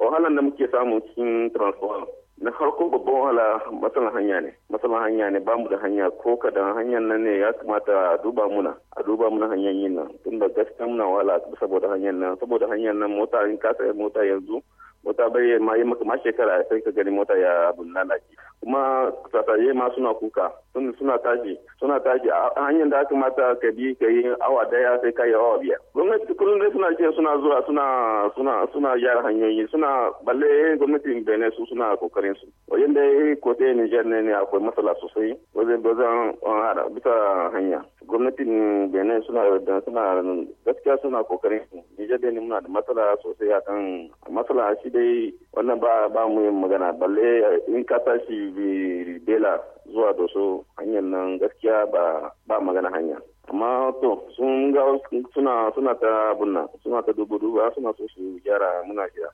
wahalan da muke samu cikin transform na farko babban wahala matsalan hanya ne matsalan hanya ne bamu da hanya ko kadan hanyar nan ne ya kamata a duba muna a duba muna hanyar yin nan tunda gaskiya muna wahala saboda hanyar nan saboda hanyar nan mota in ka mota yanzu wata bai ma yi maka shekara sai ka gani mota ya abun lalace kuma sasaye ma suna kuka suna tashi suna tashi a hanyar da aka mata ka bi ka yi awa daya sai ka yi awa biya gwamnati kullum dai suna ce suna zuwa suna suna suna gyara hanyoyi suna balle gwamnati bene su suna kokarin su wajen da ko sai niger ne ne akwai matsala sosai wajen bisa hanya gwamnatin benin suna da suna gaskiya suna kokarin nijar benin muna da matsala sosai a kan matsala shi dai wannan ba ba mu yin magana balle in ka tashi bela zuwa doso hanyar nan gaskiya ba ba magana hanya amma to sun ga suna suna ta bunna suna ta dubu dubu suna so su gyara muna gida